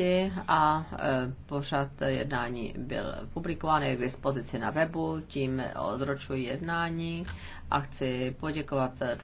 oblasti a e, pořad jednání byl publikován, k dispozici na webu, tím odročuji jednání a chci poděkovat